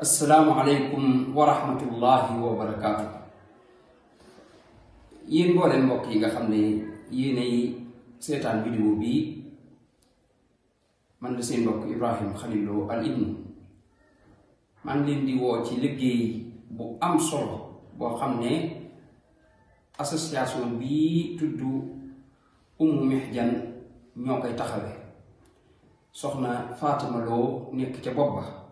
Assalamualaikum warahmatullahi wabarakatuh. Yen bo len mbok yi nga xam ne yéenay seetaan vidéo bi man la seen mbok Ibrahim Khalil Al Ibn man len di wo ci liggey bu am solo bo xam association bi tuddu Umu Mihjan ñokay taxawé soxna Fatima Lo nek ci bobba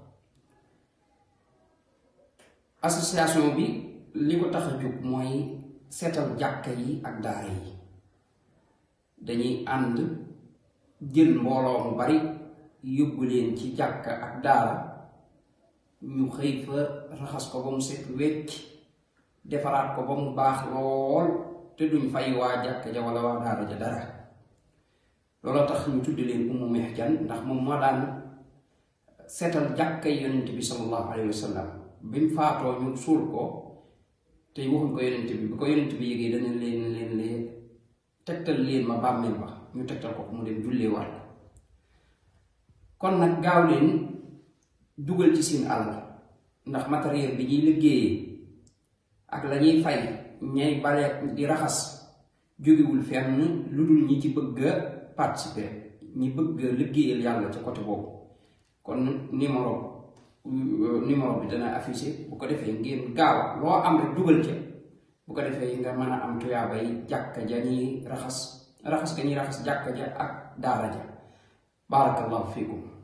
association bi li ko tax juk moy setal jakka yi ak daara yi dañuy and jël mbolo mu bari yóbbu ci jakka ak daara ñu xey fa raxas ko bamu set wecc defaraat ko bamu mu baax lool te duñ fay wa jakka ja wala wa daara ja dara lolo tax ñu tuddi len umu mehjan ndax mom mo daan setal jakka yonent bi sallallahu alaihi wasallam biñ faato ñu sul ko te waxuñ ko yonent bi bu ko yonent bi yegge dañ leen leen le tektal leen ma bàmmeel ba ñu tektal ko mu dem julle waat kon nak gaaw leen duggal ci seen alal ndax matériel bi ñi liggéey ak la ñuy fay ñay balé di raxas wul fenn lu dul ñi ci bëgg participer ñi bëgg liggéeyal yalla ci côté bobu kon numéro numéro bi dana affiché bu ko defee ngeen gaaw loo am rek dugal ca ya, bu ko defee nga mën rahas am tuyaabay rahas ja ñuy raxas raxas ga ñuy raxas jàkka ja ak daara ja barakallahu fiikum